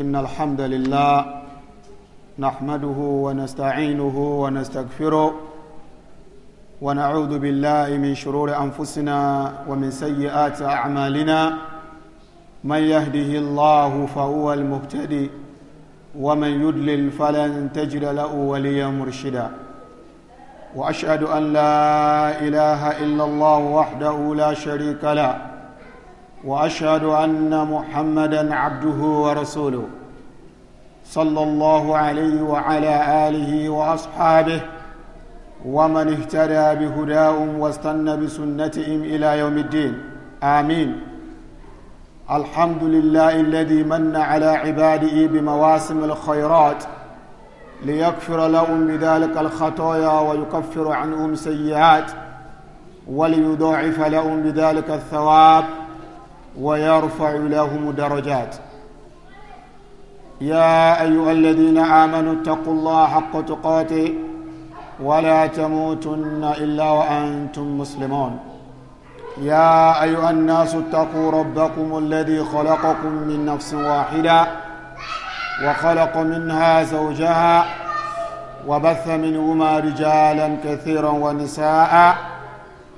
إن الحمد لله نحمده ونستعينه ونستغفره ونعوذ بالله من شرور أنفسنا ومن سيئات أعمالنا من يهده الله فهو المهتدي ومن يدلل فلن تجد له وليا مرشدا وأشهد أن لا إله إلا الله وحده لا شريك له واشهد ان محمدا عبده ورسوله صلى الله عليه وعلى اله واصحابه ومن اهتدى بهداهم واستنى بسنتهم الى يوم الدين امين الحمد لله الذي من على عباده بمواسم الخيرات ليغفر لهم بذلك الخطايا ويكفر عنهم سيئات وليضاعف لهم بذلك الثواب ويرفع لهم درجات يا ايها الذين امنوا اتقوا الله حق تقاته ولا تموتن الا وانتم مسلمون يا ايها الناس اتقوا ربكم الذي خلقكم من نفس واحده وخلق منها زوجها وبث منهما رجالا كثيرا ونساء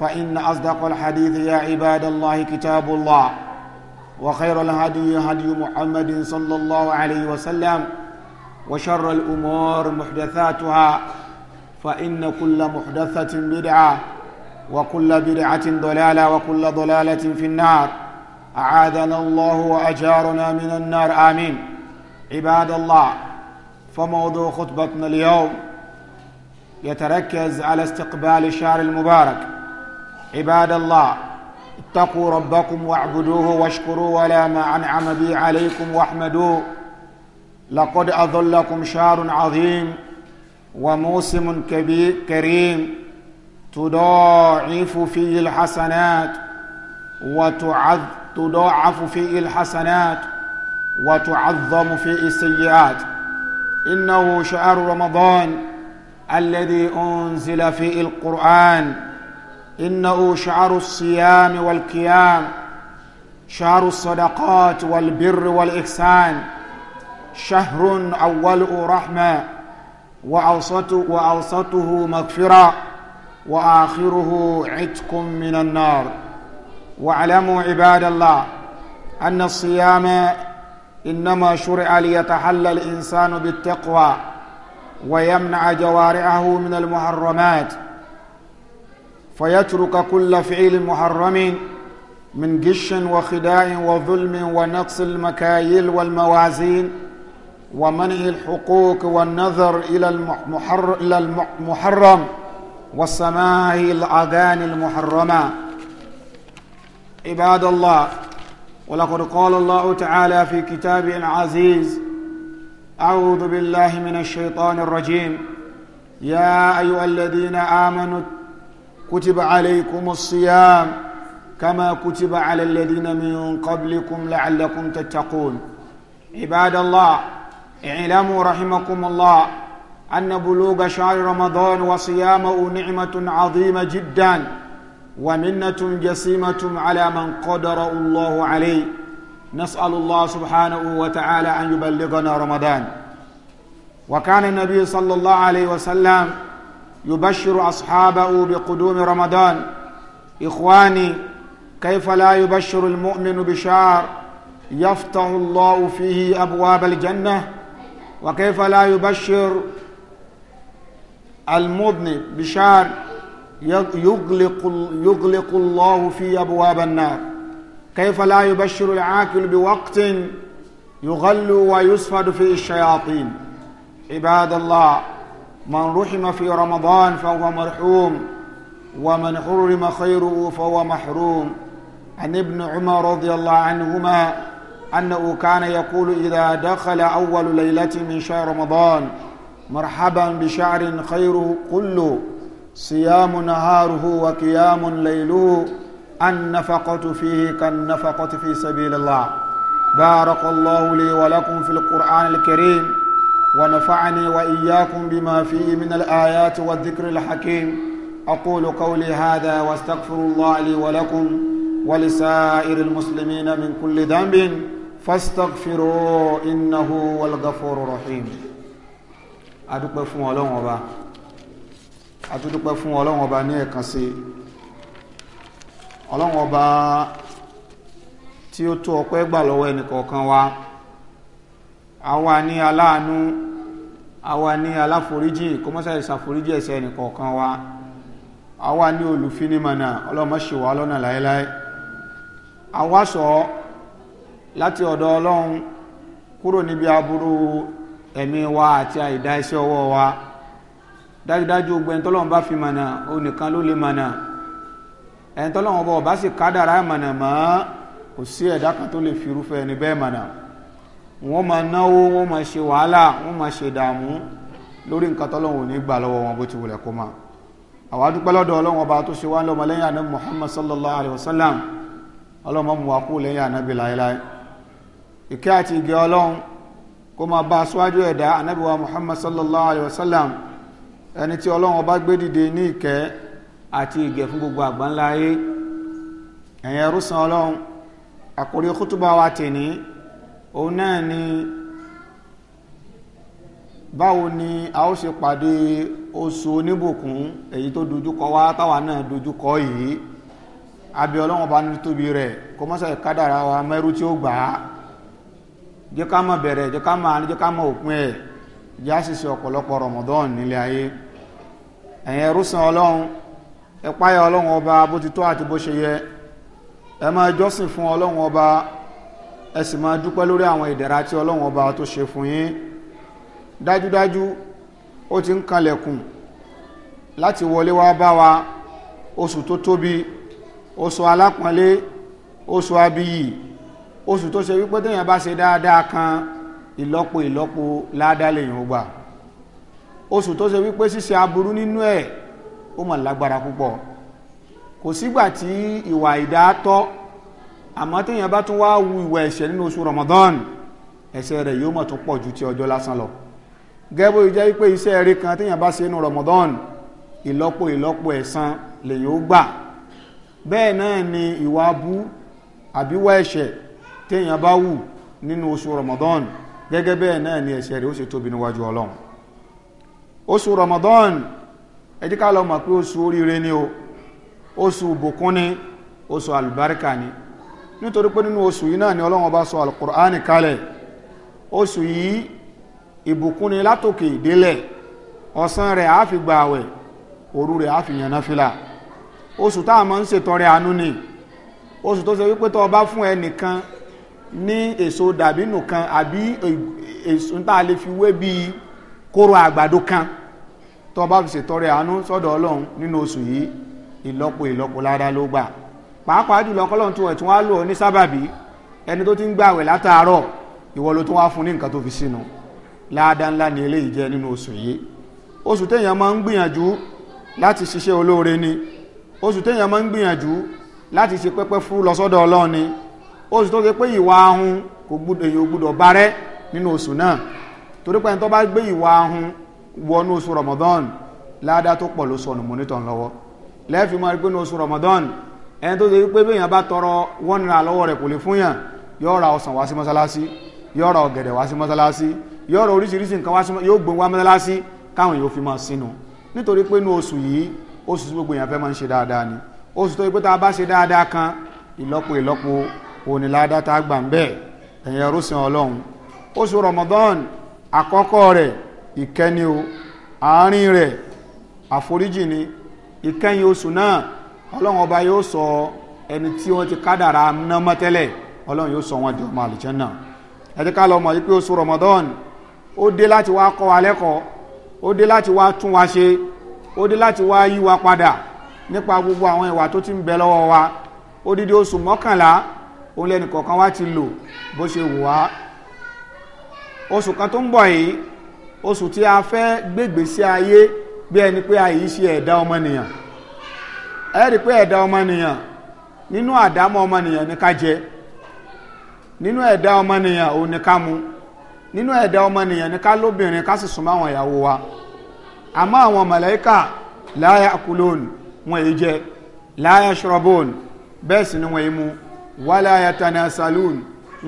فإن أصدق الحديث يا عباد الله كتاب الله وخير الهدي هدي محمد صلى الله عليه وسلم وشر الأمور محدثاتها فإن كل محدثة بدعة وكل بدعة ضلالة وكل ضلالة في النار أعاذنا الله وأجارنا من النار آمين عباد الله فموضوع خطبتنا اليوم يتركز على استقبال الشهر المبارك عباد الله اتقوا ربكم واعبدوه واشكروا ولا ما أنعم بي عليكم واحمدوه لقد أظلكم شهر عظيم وموسم كبير كريم تضاعف فيه الحسنات وتعذ تضاعف فيه الحسنات وتعظم فيه السيئات إنه شهر رمضان الذي أنزل فيه القرآن انه شعر الصيام والقيام شهر الصدقات والبر والاحسان شهر اوله رحمه واوسطه, مغفره واخره عتق من النار واعلموا عباد الله ان الصيام انما شرع ليتحلى الانسان بالتقوى ويمنع جوارعه من المحرمات فيترك كل فعل محرم من جش وخداع وظلم ونقص المكاييل والموازين ومنع الحقوق والنذر إلى إلى المحرم والسماء الأغاني المحرمة عباد الله ولقد قال الله تعالى في كتابه العزيز أعوذ بالله من الشيطان الرجيم يا أيها الذين آمنوا كتب عليكم الصيام كما كتب على الذين من قبلكم لعلكم تتقون عباد الله اعلموا رحمكم الله أن بلوغ شهر رمضان وصيامه نعمة عظيمة جدا ومنة جسيمة على من قدر الله عليه نسأل الله سبحانه وتعالى أن يبلغنا رمضان وكان النبي صلى الله عليه وسلم يبشر اصحابه بقدوم رمضان اخواني كيف لا يبشر المؤمن بشار يفتح الله فيه ابواب الجنه وكيف لا يبشر المذنب بشار يغلق يغلق الله في ابواب النار كيف لا يبشر العاقل بوقت يغل ويسفد فيه الشياطين عباد الله من رحم في رمضان فهو مرحوم ومن حرم خيره فهو محروم عن ابن عمر رضي الله عنهما أنه كان يقول إذا دخل أول ليلة من شهر رمضان مرحبا بشعر خيره كله صيام نهاره وقيام ليله النفقة فيه كالنفقة في سبيل الله بارك الله لي ولكم في القرآن الكريم ونفعني وإياكم بما فيه من الآيات والذكر الحكيم أقول قولي هذا واستغفر الله لي ولكم ولسائر المسلمين من كل ذنب فاستغفروا إنه هو الغفور الرحيم adúpẹ́ fún ọlọ́run ọba adúpẹ́ fún ọlọ́run ọba ní ẹ̀kan sí ọlọ́run ọba tí ó àwa ni aláàánú àwa ni aláforíjì kó mọ́sá ìsàforíjì ẹ̀ṣẹ̀ ẹnìkọ̀ọ̀kan wa àwa ni olùfinimọ̀nà ọlọ́mọṣèwà lọ́nà láéláé àwa sọ láti ọ̀dọ̀ ọlọ́run kúrò níbi aburú ẹ̀mí wa àti àìdá iṣẹ́ ọwọ́ wa dájúdájú gbogbo ẹni tọ́lọ́run bá fi mọ̀nà òun nìkan ló lè mọ̀nà ẹni tọ́lọ́run ọba ọba sì kádàrá mọ̀nà mọ́ kò sí ẹ̀dá kan tó lè fi ẹni bẹ́ẹ̀ mọ̀nà wọ́n máa náwó wọ́n máa ṣe wàhálà wọ́n máa ṣe dààmú lórí nǹkan tọ́lọ́run ò ní gbà lọ́wọ́ wọn bó ti wulẹ̀ kó máa àwa lọ́dọ̀ ọlọ́run ọba tó ṣe wá lọ́mọ àná Muhammad sallallahu alayhi wa sallam ọlọ́mọ mu wá kú lẹ́yìn ànábì láéláé ìkẹ́ àti Muhammad sallallahu alayhi wa sallam ẹni tí ọlọ́run ọba gbé dìde ní ìkẹ́ àti ìgẹ́ fún gbogbo kútùbà wa tèní òun náà ni báwo ni a ó ṣe pàdé oṣù oníbùkún èyí tó dojúkọ wá táwa náà dojúkọ yìí abẹ ọlọ́wọ́n bá nítorí tóbi rẹ̀ kó mọ́sá ìkádàrà wa mẹ́rú tí ó gbà á jẹ́ ká mọ̀ bẹ̀rẹ̀ jẹ́ ká mọ̀ àní jẹ́ ká mọ̀ òpin ẹ̀ jẹ́ ọ̀pọ̀lọpọ̀ rọ̀mọ̀dán nílé ayé ọlọ́run ẹ fún ọlọ́run ọba ẹ sì máa dúpẹ́ lórí àwọn ìdẹ̀ra tí ọlọ́run ọba tó ṣe fún yín dájúdájú ó ti ń kanlẹ̀kùn láti wọlé wá bá wa oṣù tó tóbi oṣù alápọ̀nlé oṣù abiyì oṣù tó ṣe wípé téèyàn bá ṣe dáadáa kan ìlọ́po ìlọ́po ládàlẹ́yìn ọgbà oṣù tó ṣe wípé ṣíṣe aburú nínú ẹ̀ ó mà lágbára púpọ̀ kò sígbà tí ìwà ìdá tọ́ àmọ́ téèyàn bá tún wá wu ìwà ẹ̀ṣẹ̀ nínú oṣù Ramadan ẹ̀ṣẹ̀ rẹ̀ yóò mọ̀ tún pọ̀ ju ti ọjọ́ lásán lọ gẹ́gbó jẹ́ pé iṣẹ́ eré kan téèyàn bá ṣe nínú Ramadan ìlọ́po ìlọ́po ẹ̀san lèyìn ó gbà bẹ́ẹ̀ náà ni ìwà abú àbíwá ẹ̀ṣẹ̀ téèyàn bá wù nínú oṣù Ramadan gẹ́gẹ́ bẹ́ẹ̀ náà ni ẹ̀ṣẹ̀ rẹ̀ ó ṣe tóbi níwájú Ọlọ́run oṣù Ramadan ẹ jẹ́ ká lọ mọ̀ pé oṣù oríire ni o oṣù ìbùkún oṣù àlùbáríkà ni nítorí pé nínú oṣù yìí náà ni ọlọ́run ọba sọ alukur'ani kalẹ̀ oṣù yìí ìbùkún ni látòkè délẹ̀ ọ̀sán rẹ̀ á fi gba àwẹ̀ òru rẹ̀ á fi yànnà fìlà oṣù tá a ń ṣètọrẹ àánú ni oṣù tó ṣe wípé tó o bá fún ẹnìkan ní èso dàbínù kan àbí èso tá a lè fi wé bíi kóró àgbàdo kan tó o fi ṣètọrẹ àánú sọ́dọ̀ ọlọ́run nínú oṣù yìí ìlọ́po ìlọ́po ládá ló gbà pàápàá jùlọ kọ́lọ́n tó ẹ̀ tí wọ́n á lò ní sábàbí ẹni tó ti ń gbàwẹ̀ látàárọ̀ ìwọ ló tún wá fún ní nǹkan tó fi sínú láàdá ńlá ni eléyìí jẹ́ nínú oṣù yìí oṣù téèyàn máa ń gbìyànjú láti ṣiṣẹ́ olóore ni oṣù téèyàn máa ń gbìyànjú láti ṣe pẹ́pẹ́ fún lọ́sọ́dọ̀ ọlọ́run ni oṣù tó ṣe pé ìwà ahun kò gbúdọ̀ èyí ò gbúdọ̀ bárẹ́ nínú oṣù náà torí pé ẹni tó bá gbé ìwà ahun wọnú oṣù Ramadan láàdá tó pọ̀ ló sọnù mọ́nítọ̀ lọ́wọ́ lẹ́ẹ̀fì máa rí ní oṣù Ramadan ẹni tó ṣe wípé béèyàn bá tọrọ wọ́n nira lọ́wọ́ rẹ̀ kò lè fún yàn yóò ra ọsàn wá sí mọ́sálásí yóò ra ọ̀gẹ̀dẹ̀ wá sí mọ́sálásí yóò ra oríṣiríṣi nǹkan wá sí yóò gbé wá mọ́sálásí káwọn yóò fi máa sínú nítorí pé inú oṣù yìí oṣù tí gbogbo èèyàn fẹ́ máa ń ṣe dáadáa ni oṣù tó yẹ pé tá a bá ṣe dáadáa kan ìlọ́po ìlọ́po onílàádá tá a gbà ń bẹ́ẹ̀ ẹ̀yìn ẹrúsìn ọlọ́run Ramadan àkọ́kọ́ rẹ̀ ìkẹni o àárín rẹ̀ ọlọ́run ọba yóò sọ ẹni tí wọ́n ti kádàrà ná mọ́tẹ́lẹ̀ ọlọ́run yóò sọ wọn di ọmọ àlùjànnà ẹ jẹ́ ká lọ mọ̀ wípé oṣù Ramadan ó dé láti wá kọ́ wa lẹ́kọ̀ọ́ ó dé láti wá tún wa ṣe ó dé láti wá yí wa padà nípa gbogbo àwọn ìwà tó ti ń bẹ lọ́wọ́ wa odidi oṣù mọ́kànlá òun lẹ́nu kọ̀ọ̀kan wá ti lò bó ṣe wù wá oṣù kan tó ń bọ̀ yìí oṣù tí a fẹ́ gbégbèsí ayé bí ẹni pé a ẹ̀dá ọmọnìyàn ẹ rí pé ẹ̀dá ọmọnìyàn nínú àdámọ́ ọmọnìyàn ní ká jẹ́ nínú ẹ̀dá ọmọnìyàn òun ní ká mu nínú ẹ̀dá ọmọnìyàn ní ká lóbìnrin ká sì súnmọ́ àwọn ìyàwó wa àmọ́ àwọn wọn èyí bẹ́ẹ̀ sì ni èyí mu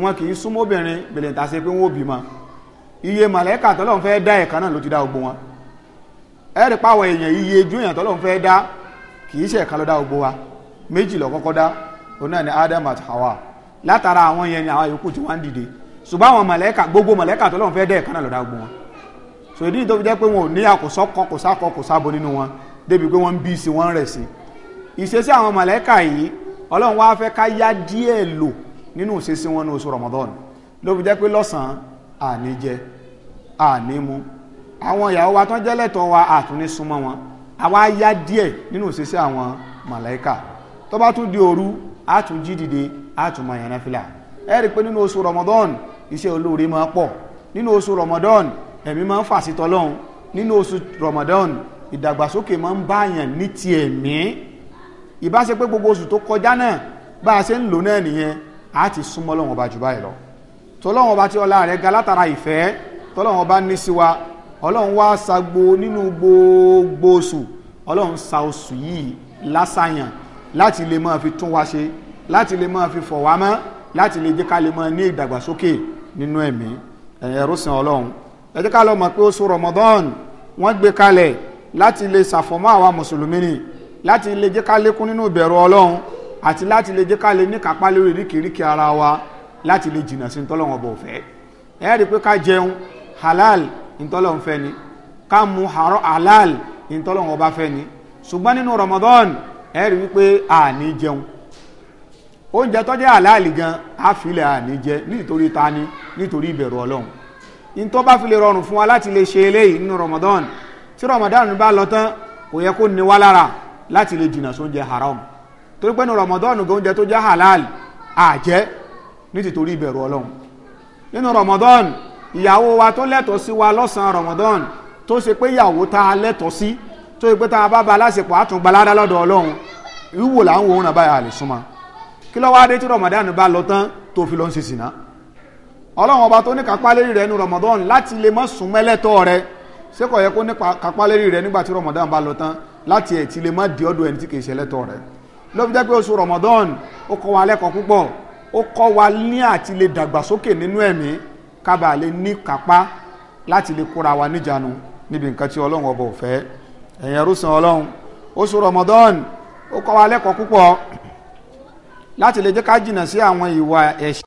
wọn kì í súnmọ́ obìnrin bèlè sí pé ma iye màláíkà tọ́lọ́n fẹ́ dá ẹ̀ka náà ló ti dá wọn ẹ̀rì èèyàn iye ju èèyàn fẹ́ dá kì í ṣe ẹ̀ka ló dá gbogbo wa méjì ló kọ́kọ́ dá òun náà ni Adam àti Hawa látara àwọn yẹn ni àwọn yòókù tí wọ́n ń dìde ṣùgbọ́n àwọn mọ̀lẹ́kà gbogbo mọ̀lẹ́kà tó lọ́n fẹ́ dẹ́ ẹ̀ka náà ló gbogbo wọn so ìdí tó fi jẹ́ pé wọn ò ní àkóso kọ kò sákọ kò sábo nínú wọn débi pé wọ́n ń bí sí wọ́n ń rẹ̀ sí ìṣesí àwọn mọ̀lẹ́kà yìí Ọlọ́run wá fẹ́ ká yá Ramadan ló fi jẹ́ pé lọ́sàn-án àní jẹ àní mu àwọn ìyàwó wa tán jẹ́ àwa ya díẹ̀ nínú òṣìṣẹ́ àwọn màláíkà tó bá tún di òru á tún jí dìde á tún máa yan náfìlà ẹ rí i pé nínú oṣù Ramadan iṣẹ́ olóore máa pọ̀ nínú oṣù Ramadan ẹ̀mí máa ń fàṣítọ́ lọ́hùn nínú oṣù Ramadan ìdàgbàsókè máa ń báyàn ní ti ẹ̀mí ìbáṣe pé gbogbo oṣù tó kọjá náà bá a ṣe ń lò náà nìyẹn á ti súnmọ́ lọ́wọ́n ọba jù báyìí lọ tọ́lọ́wọ́n ọba tí ọlá rẹ̀ ga ìfẹ́ tọ́lọ́wọ́n ọba ní sí ọlọ́run wá sagbo nínú gbogbo oṣù ọlọ́run sa oṣù yìí lásàyàn láti lè máa fi tún wa ṣe láti lè máa fi fọ̀ wá mọ́ láti lè jẹ́ ká lè máa ní ìdàgbàsókè nínú ẹ̀mí ẹ̀rọsìn ọlọ́run ẹ jẹ́ ká lọ mọ̀ pé oṣù Ramadan wọ́n gbé kalẹ̀ láti lè ṣàfọ̀mọ́ àwa mùsùlùmí ni láti lè jẹ́ ká lékún nínú ìbẹ̀rù ọlọ́run àti láti lè jẹ́ ká lè ní kápá lórí ríkìríkì ara wa láti lè jìnnà sí tọ́lọ́wọ́n bọ̀ fẹ́ ẹ rí pé ká jẹun halal ntọ́lọ́n fẹ́ ni ká mu àárọ̀ halal ntọ́lọ́n ọba fẹ́ ni ṣùgbọ́n nínú Ramadan ẹ rí wípé àní jẹun oúnjẹ tó jẹ́ halal gan àfilẹ̀ àní jẹ nítorí ta ni nítorí ìbẹ̀rù Ọlọ́run ntọ́ bá fi lè rọrùn fún wa láti lè ṣe eléyìí nínú Ramadan tí Ramadan bá lọ tán kò yẹ kó ní wá lára láti lè jìnnà sóúnjẹ haram torí pé ní Ramadan gan oúnjẹ tó jẹ́ halal àjẹ́ nítorí ìbẹ̀rù Ọlọ́run nínú Ramadan ìyàwó wa tó lẹ́tọ̀ọ́ sí wa lọ́sàn-án Ramadan tó ṣe pé ìyàwó tá a lẹ́tọ̀ọ́ sí tó ṣe pé tá a bá ba aláṣepọ̀ àtúngbàládá lọ́dọ̀ Ọlọ́run ìwò làwọn òun náà lè súnmọ́ kí lọ́wọ́ adé tí Ramadan bá lọ tán tó fi lọ ń ṣe sìnà Ọlọ́run ọba tó ní kápá lérí rẹ nu Ramadan láti lè mọ́ sùn mẹ́lẹ́tọ́ rẹ ṣé kò yẹ kó ní kápá lérí rẹ nígbà tí Ramadan bá lọ tán láti ẹ̀ ti lè mọ́ di ọdún ẹni tí kì í ṣe rẹ ló fi jẹ́ pé oṣù Ramadan ó kọ́ wa lẹ́kọ̀ọ́ púpọ̀ ó kọ́ wa ní àti lè dàgbàsókè nínú ẹ̀mí kábàá lè ní kápá láti lè kóra wa níjànú níbi nǹkan tí ọlọ́run ọba ò fẹ́ ẹ̀yin ẹrúsàn ọlọ́run oṣù Ramadan ó kọ́ wa lẹ́kọ̀ọ́ púpọ̀ láti lè jẹ́ ká jìnnà sí àwọn ìwà ẹ̀ṣẹ̀.